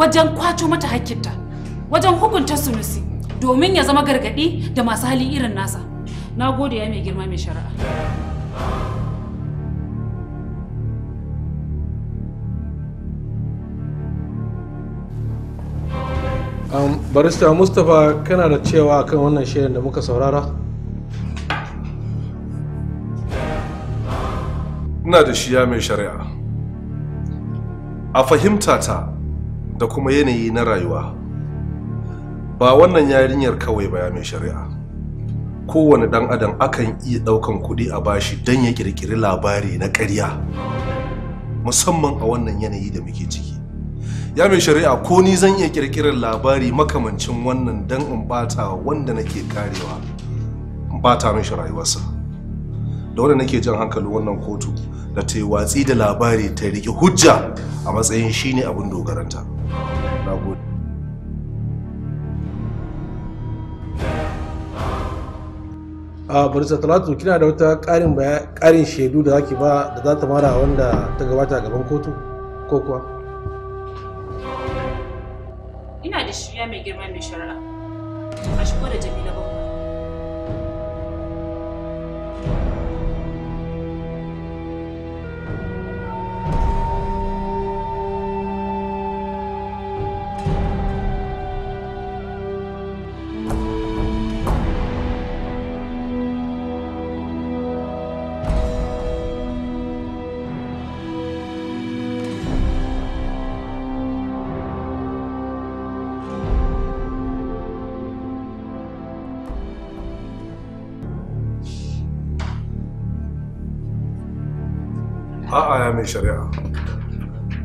wajen kwato mata hakkinta wajen hukunta sunusi domin ya zama gargadi da masu hali irin nasa na gode ya mai girma mai shari'a Um, barista mustapha kana da cewa kan wannan shirin da muka saurara ina da shiya mai shari'a a fahimta ta da kuma yanayi na rayuwa ba wannan yarinyar kawai ba ya mai shari'a kowane dan adam akan iya daukan kuɗi a bashi don ya kirkiri labari na ƙarya musamman a wannan yanayi da muke ciki ya mai shari'a ko ni zan iya kirkirar labari makamancin wannan don in bata wanda nake karewa in bata mishi rayuwarsa da wanda nake jan hankali wannan kotu da ta yi watsi da labari ta riƙe hujja a matsayin shine abin dogaranta na gode a barisa talatu kina da wata karin karin shaidu da zaki ba da za ta mara wanda ta gabata a gaban kotu ko kuwa ina da shirya mai girma mai shari'a a shigo da jamila bakwai mai shari'a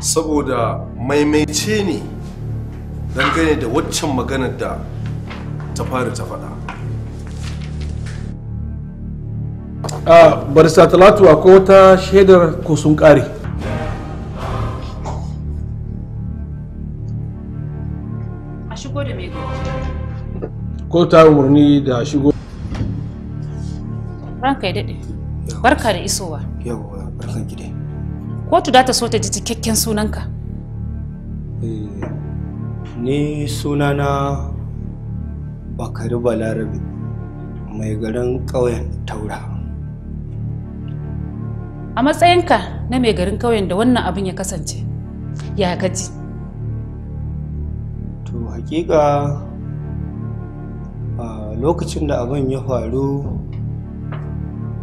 saboda maimaice ne dangane da waccan maganar da ta fara ta faɗa a barista talatu akwai wata shaidar ko sun ƙare a shigo da mai ko ta umarni da shigo ranka ya daɗe barka da isowa yawwa barkan gida kotu za ta so ta ji cikakken sunanka eh, ni sunana bakari balarabe mai garin ƙauyen taura a matsayinka na mai garin ƙauyen da wannan abin ya kasance ya gaji to hakika a lokacin da abin ya faru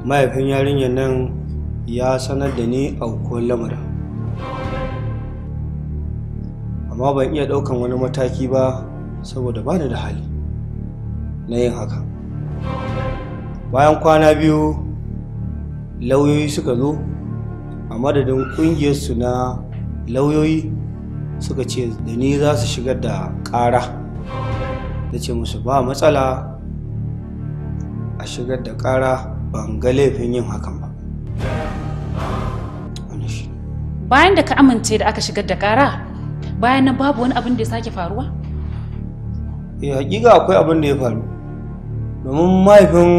mahaifin yarinyar nan ya sanar da ni a hukumar lamarin amma ban iya ɗaukan wani mataki ba saboda ba da hali na yin haka bayan kwana biyu lauyoyi suka zo a madadin ƙungiyarsu na lauyoyi suka ce da ni za su shigar da ƙara da ce musu ba matsala a shigar da ƙara ban ga laifin yin hakan ba bayan da ka amince da aka shigar da kara bayan nan babu wani abin da ya sake faruwa? Eh hakika akwai abin da ya faru domin mahaifin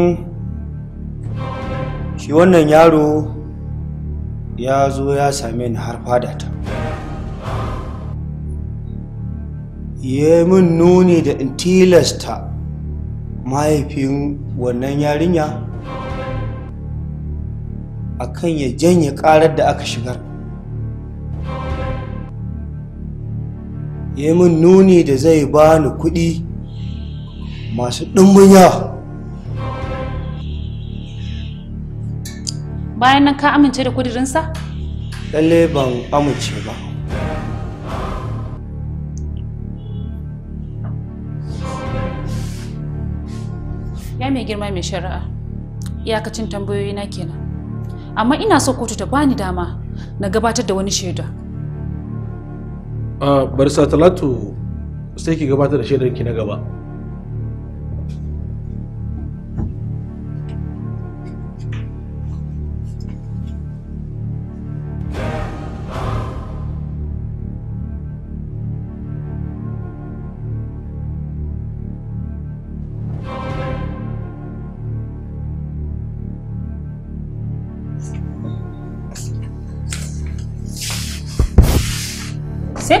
shi wannan yaro ya zo ya same ni har fada ta ya min nuni da in tilasta mahaifin wannan yarinya akan ya janye karar da aka shigar yi min nuni da zai bani kuɗi masu ɗumbin yawa bayan nan ka amince da kudirinsa? lalle ban amince ba ya mai girma mai shari'a iyakacin tambayoyi na kenan amma ina so kotu ta bani dama na gabatar da wani shaida. Ah, Barisa Talatu sai ki gabatar da ki na gaba.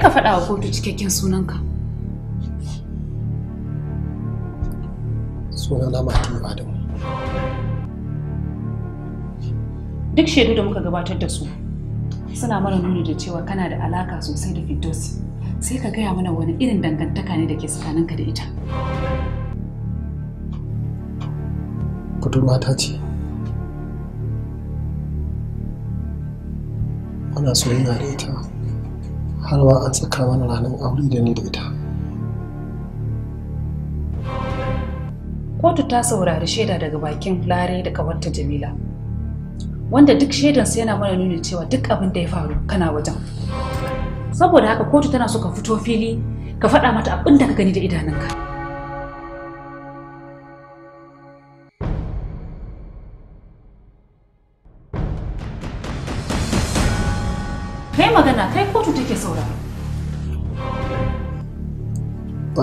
ka faɗa wa kotu cikakken sunanka. Sunana Mahdi Adamu. Duk shaidu da muka gabatar da su suna mana nuni da cewa kana da alaka sosai da Firdausi. Sai ka gaya mana wani irin dangantaka ne da ke tsakaninka da ita. Budurwa ta ce, ana soyayya da ita. har ma an tsaka mana ranar aure da ni da ita kotu ta saurari shaida daga bakin lare da kawarta jamila wanda duk shaidansa yana mana nuni cewa duk abin da ya faru kana wajen saboda haka kotu tana so ka fito fili ka faɗa mata abin da ka gani da idanunka.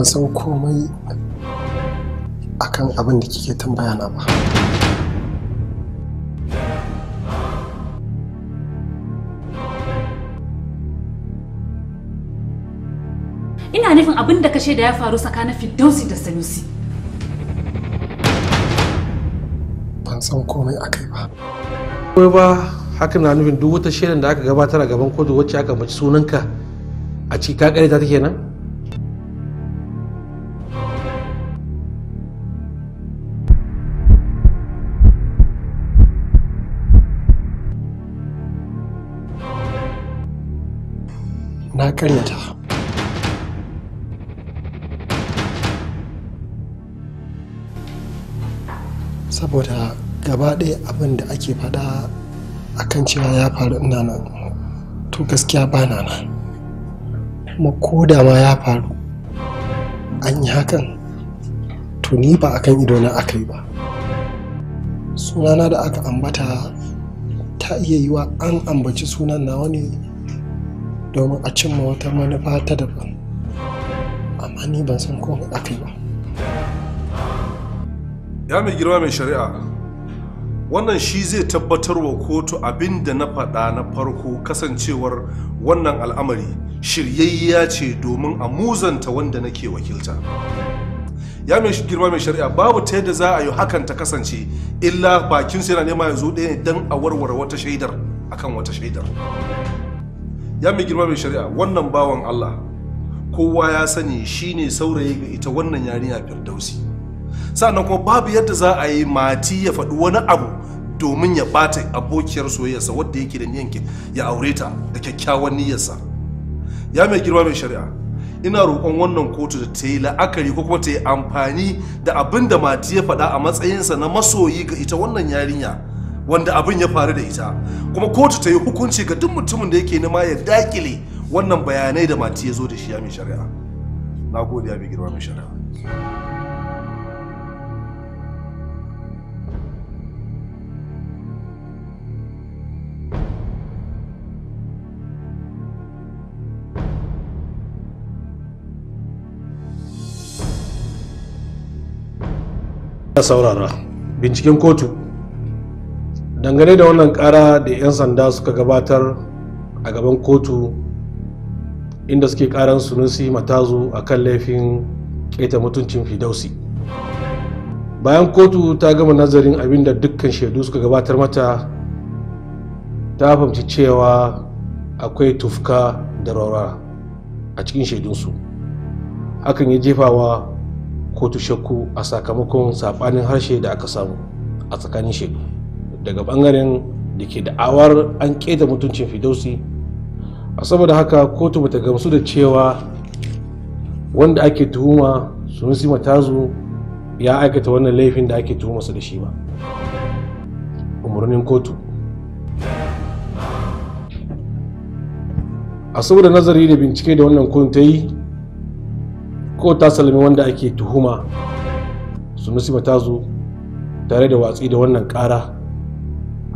ban san komai akan abin da kike tambaya na ba ina nufin abin da kashe da ya faru tsakanin Firdausi da Sanusi. Ban san komai a kai ba. Komai ba hakan na nufin duk wata shirin da aka gabatar a gaban kotu wacce aka mace sunanka a cikin ka da ta take nan? karyata saboda gaba ɗaya abin da ake faɗa akan cewa ya faru ina nan to gaskiya ba na nan kuma ko da ma ya faru an yi hakan to ni ba akan idona aka yi ba sunana da aka ambata ta iya yiwa an ambaci sunan nawa ne domin a cimma wata manufa ta daban amma ni ban san komai aka yi ba ya mai girma mai shari'a wannan shi zai tabbatar wa kotu abin da na faɗa na farko kasancewar wannan al'amari shiryayya ce domin a muzanta wanda nake wakilta ya mai girma mai shari'a babu ta yadda za a yi hakan ta kasance illa bakin sai na nema ya zo ɗaya don a warware wata shaidar akan wata shaidar ya mai girma mai shari'a wannan bawan Allah kowa ya sani shine saurayi ga ita wannan yarinya firdausi sannan kuma babu yadda za a yi mati ya faɗi wani abu domin ya ɓata abokiyar soyayyarsa wadda yake da niyanke ya aure ta da kyakkyawan niyyarsa ya mai girma mai shari'a ina roƙon wannan kotu da ta yi la'akari ko kuma ta yi amfani da abin da mati ya faɗa a matsayinsa na masoyi ga ita wannan yarinya wanda abin ya faru da ita kuma kotu ta yi hukunci ga duk mutumin da yake nema ya dakile wannan bayanai da mati ya zo da shi ya mai shari'a na gode ya mai girma mai shari'a saurara binciken kotu dangane da wannan kara da 'yan sanda suka gabatar a gaban kotu inda suke karan sunusi matazu a kan laifin keta mutuncin fidausi bayan kotu ta gama nazarin abin da dukkan shaidu suka gabatar mata ta fahimci cewa akwai tufka da raura a cikin shaidunsu hakan ya jefawa kotu shakku a sakamakon saɓanin harshe da aka samu a tsakanin shaidu daga bangaren da ke da'awar an keta mutuncin fidosi a saboda haka kotu bata gamsu da cewa wanda ake tuhuma su nusi matazu ya aikata wannan laifin da ake tuhumarsa da shi ba umarnin kotu a saboda nazari da bincike da wannan kun ta yi ko ta salami wanda ake tuhuma su nusi matazu tare da watsi da wannan kara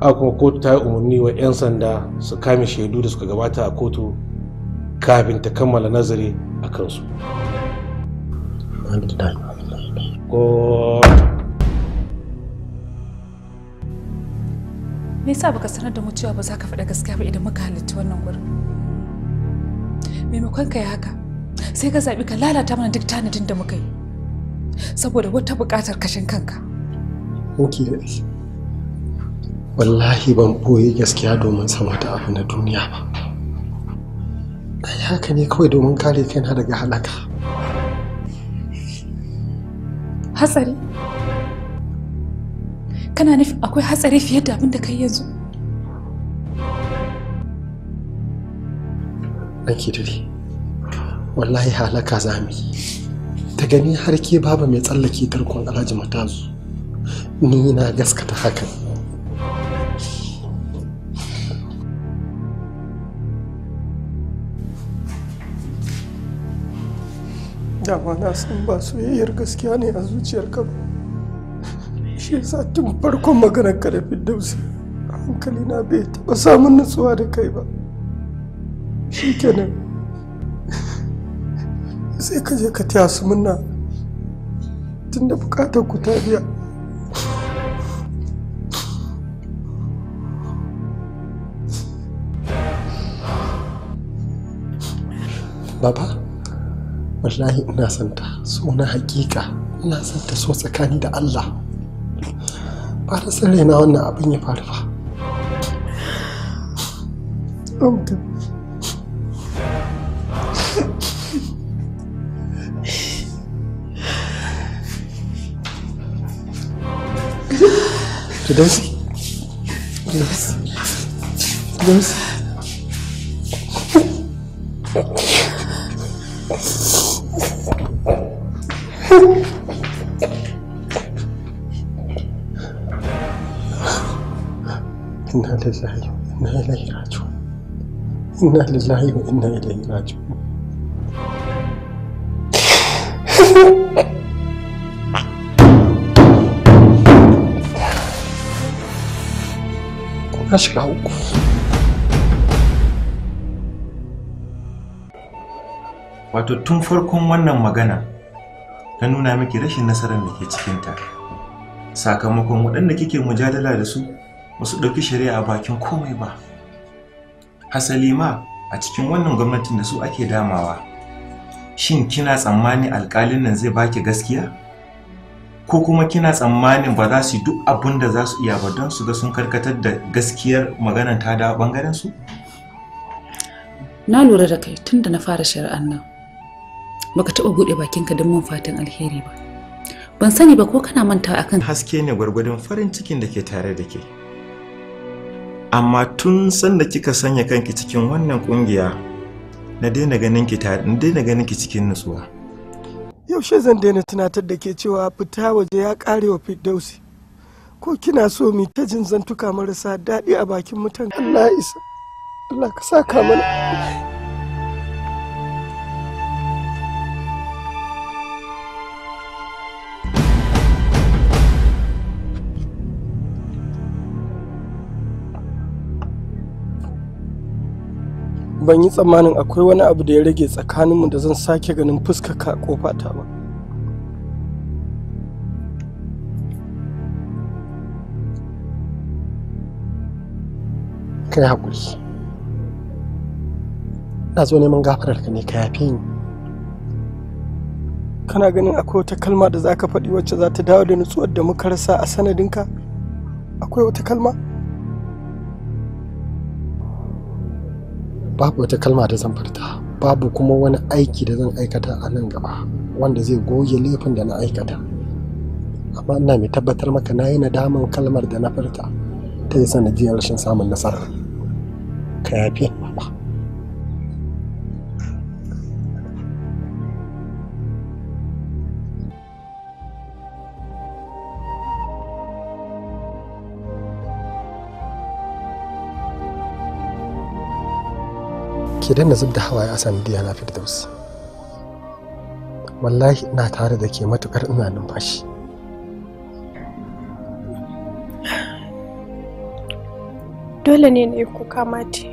a kuma kotu ta yi umarni wa 'yan sanda su kame shaidu da suka gabata a kotu kafin ta kammala nazari a kansu me yasa baka sanar da mu cewa ba za ka faɗa gaskiya ba idan muka halarci wannan gurin maimakon ka yi haka sai ka zaɓi ka lalata mana duk tanadin da muka yi saboda wata buƙatar kashin kanka ok wallahi ban boye gaskiya domin sama ta abu na duniya ba na yi haka ne kawai domin kare kaina daga halaka hatsari kana nufi akwai hatsari fiye da abin da kai yanzu ranki dare wallahi halaka yi ta gani har ke babu mai tsallake tarkon alhaji matazu ni na gaskata hakan dama na san ba soyayyar gaskiya ne a zuciyarka ba shi yasa tun farkon maganar ka da firdausi hankali na bai taɓa samun nutsuwa da kai ba shi kenan sai ka je ka taya su munna tun da bukatar ku ta biya Baba? wallahi ina son ta so na hakika ina son so tsakani da Allah ba da san na wannan abin ya faru ba oh, inna lillahi wa inna ilaihi raji'un inna lillahi wa inna ilaihi raji'un na shiga uku wato tun farkon wannan magana ta nuna miki rashin nasarar da ke cikinta sakamakon waɗanda kike mujadala da su ba su ɗauki shari'a a bakin komai ba hasali ma a cikin wannan gwamnatin da su ake damawa shin kina tsammani alƙalin nan zai baki gaskiya ko kuma kina tsammanin ba za su duk abin da za su iya ba don su ga sun karkatar da gaskiyar maganar ta da bangaren su na lura da kai tun da na fara shari'an nan baka taɓa buɗe bakinka don mun fatan alheri ba ban sani ba ko kana manta akan haske ne gwargwadon farin cikin da ke tare da ke amma tun sanda kika sanya kanki cikin wannan kungiya na daina ganin ki ta daina ganin ki cikin nutsuwa yaushe zan daina tunatar da ke cewa fita waje ya kare wa fidausi ko kina so mi ta jin zantuka marasa daɗi a bakin mutan Allah isa Allah ka saka mana ban yi tsammanin akwai wani abu da ya rage tsakaninmu da zan sake ganin fuskarka a ta ba kai haƙuri na zo neman gafararka ne ka yafe ni kana ganin akwai wata kalma da za ka faɗi wacce za ta dawo da nutsuwar da muka rasa a sanadinka akwai wata kalma babu wata kalma da zan furta babu kuma wani aiki da zan aikata a nan gaba wanda zai goge laifin da na aikata amma ina mai tabbatar maka na yi nadaman kalmar da na furta ta yi sanadiyar rashin samun nasara ka yafe ke danna zub da hawaye a sanadiyar na firdaus wallahi ina tare da ke matukar ina numfashi dole ne na yi kuka mati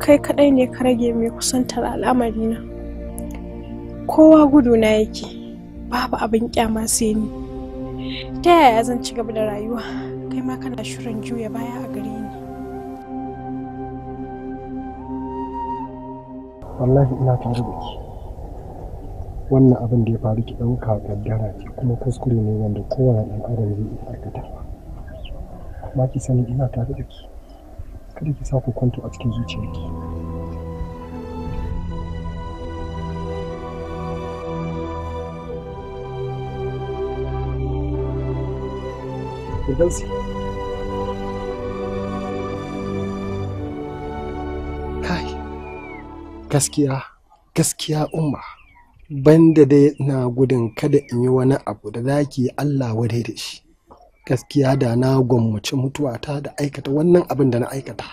kai kadai ne ka rage mai kusantar al'amarina kowa gudu na yake babu abin kyama sai ni ta yaya zan ci gaba da rayuwa kai ma kana shirin juya baya a gari. wallahi ina tare da ki wannan abin da ya faru ki ɗauka kaddara ce kuma kuskure ne wanda kowane ɗan adam zai iya aikata amma ki sani ina tare da ki kada ki sa ku kwanto a cikin zuciyarki Thank you. gaskiya gaskiya umma banda dai na gudun kada in yi wani abu da zaki Allah wadai da shi gaskiya da na gwammaci mutuwata da aikata wannan abin da na aikata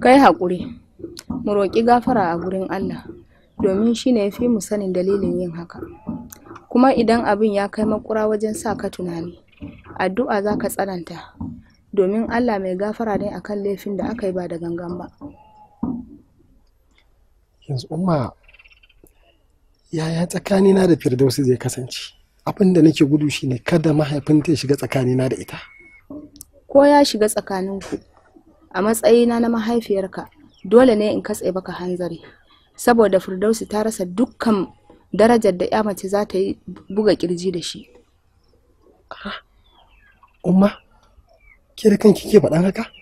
kai haƙuri mu roƙi gafara a gurin Allah domin shi ne fi mu sanin dalilin yin haka kuma idan abin ya kai makura wajen sa ka tunani addu'a za ka tsananta domin Allah mai gafara ne akan laifin da aka yi ba da gangan ba yanzu umma yaya tsakanina da firdausi zai kasance abin da nake gudu shine kada mahaifinta ya shiga tsakanina da ita ko ya shiga tsakaninku a matsayina na mahaifiyarka dole ne in katse baka hanzari saboda firdausi ta rasa dukkan darajar da ya mace za ta yi buga kirji da shi umma kirkan kike faɗan haka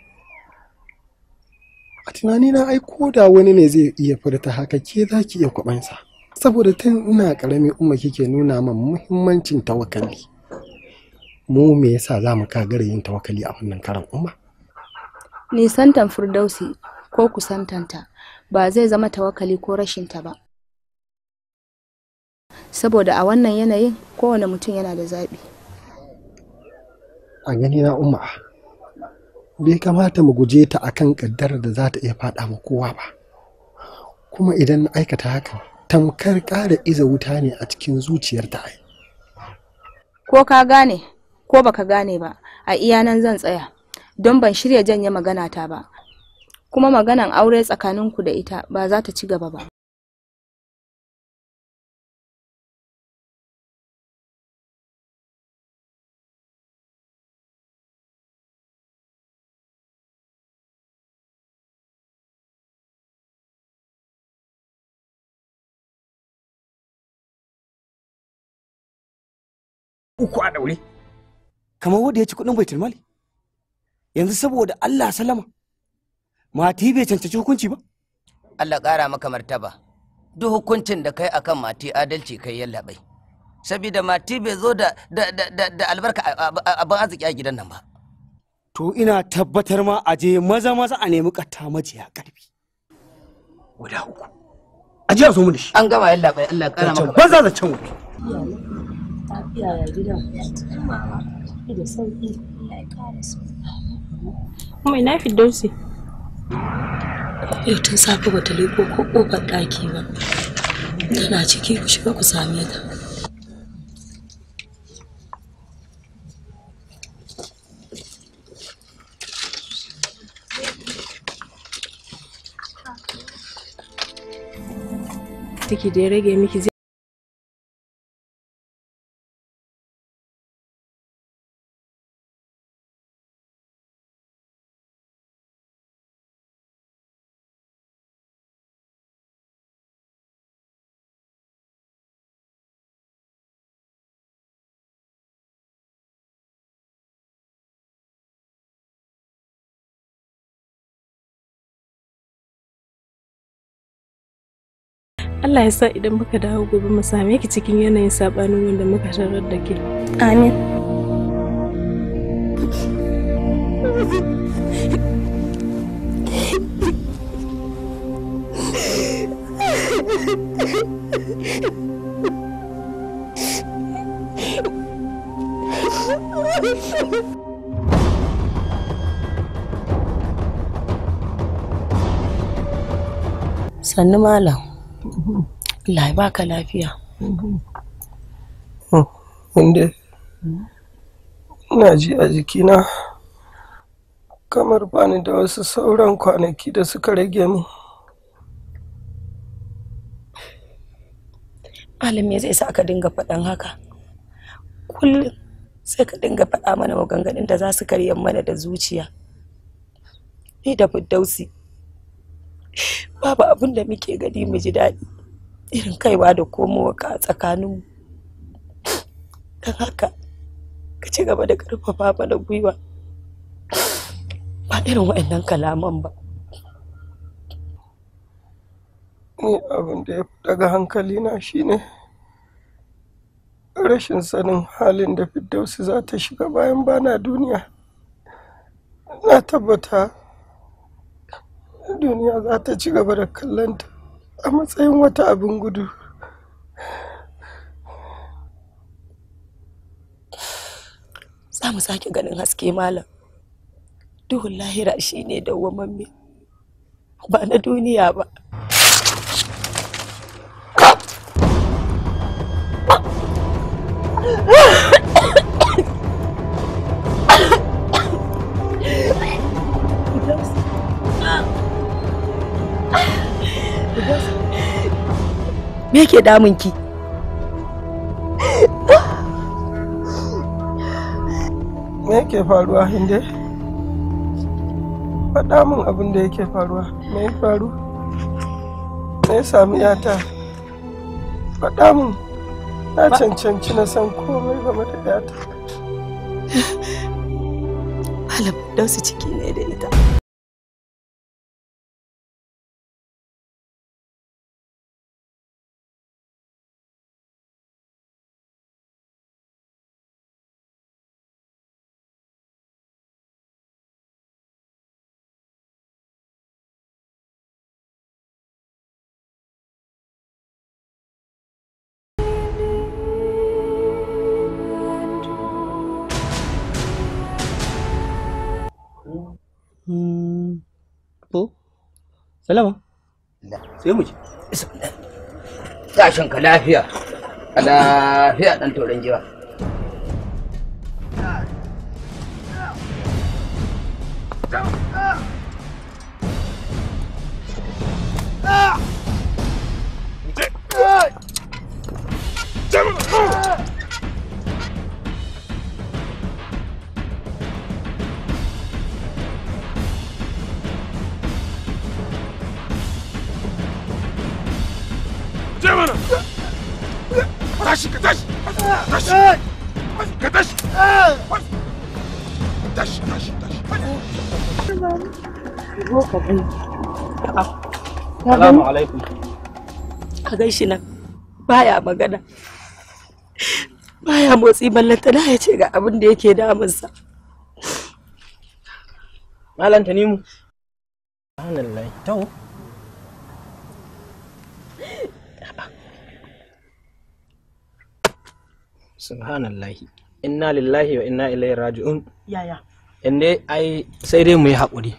a tunanina ai ko da wani ne zai iya furta haka ke za ki iya kwabansa saboda tun ina karami umma kike nuna min muhimmancin tawakkali mu me yasa za mu kagara yin tawakali a wannan karan umma nisantan firdausi ko kusantanta ba zai zama tawakali ko rashinta ba saboda a wannan yanayin kowane mutum yana da zaɓi a gani na umma bai kamata mu guje ta a kan ƙaddar da za ta iya faɗa ma kowa ba kuma idan na aikata hakan tamkar kara iza wuta ne a cikin zuciyar ta ai ko ka gane ko baka gane ba a iya nan zan tsaya don ban shirya janye magana ta ba kuma maganan aure tsakaninku da ita ba za ta ci gaba ba uku a daure kamar wanda ya ci kuɗin baitul mali yanzu saboda Allah salama mati bai cancanci hukunci ba Allah ƙara maka martaba duk hukuncin da kai akan mati adalci kai yallaɓai sabida mati bai zo da albarka a ban arziki a gidan nan ba to ina tabbatar ma a je maza maza a nemi katta majiya ƙarfi. guda uku a ji a zo mu da shi an gama yallaɓai Allah ƙara maka Ban da can wuri. Lafiya ya gida. Da sauki. Kuma ina Firdausi? Yau tun safe bata leko ko kofar ɗaki ba. Tana ciki ku shiga ku same ta. Take da ya rage miki Allah ya sa idan muka dawo gobe mu same ki cikin yanayin sabanin wanda muka tarar da ke. Amin. Sannu malam. Allah baka lafiya inda mhm. oh, ina ji a jikina kamar bani da wasu sauran kwanaki da suka rage ni Malami ya zai sa ka dinga faɗan haka kullum sai ka dinga faɗa mana maganganun da za su karya mana da zuciya ni da fiddausi babu abin da muke gani mu ji daɗi irin kaiwa da komowa ka tsakaninmu don haka ka ci gaba da karfafa mana gwiwa ba irin wa'annan kalaman ba ni abin da ya fi daga hankalina shine rashin sanin halin da fiddausi za ta shiga bayan bana duniya na tabbata duniya za ta ci gaba da kallonta a matsayin wata abin gudu za mu sake ganin haske malam duhun lahira shine dawwamamme ba na duniya ba me yake damun ki me yake faruwa hinde faɗa min abin da yake faruwa me ya faru me ya sami yata faɗa min na cancanci na san komai game da yata Malam Dausu ciki ne da ita. Salama. Sai mu ci. Tashin ka lafiya. Lafiya dan toron jiwa. Ah! tashi ka tashi tashi ka tashi tashi tashi tashi zo alaikum ka gai shi nan baya magana baya motsi ballantana ya ce ga abin da yake damunsa malam tanimu subhanallah to subhanallahi inna lillahi wa inna ilaihi raji'un yaya inde ai sai dai mu yi haƙuri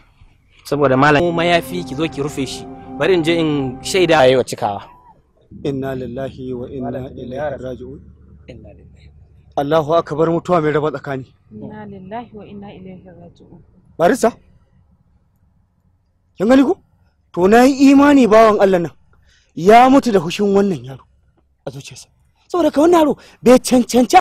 saboda malam mu mayafi ki zo ki rufe shi bari in je in shaida yayi wa cikawa inna lillahi wa inna ilaihi raji'un inna lillahi Allahu akbar mutuwa mai raba tsakani inna lillahi wa inna ilaihi raji'un barisa kin gani ko to na yi imani bawan Allah nan ya mutu da hushin wannan yaro a zuciyarsa saboda ka wannan yaro bai cancanci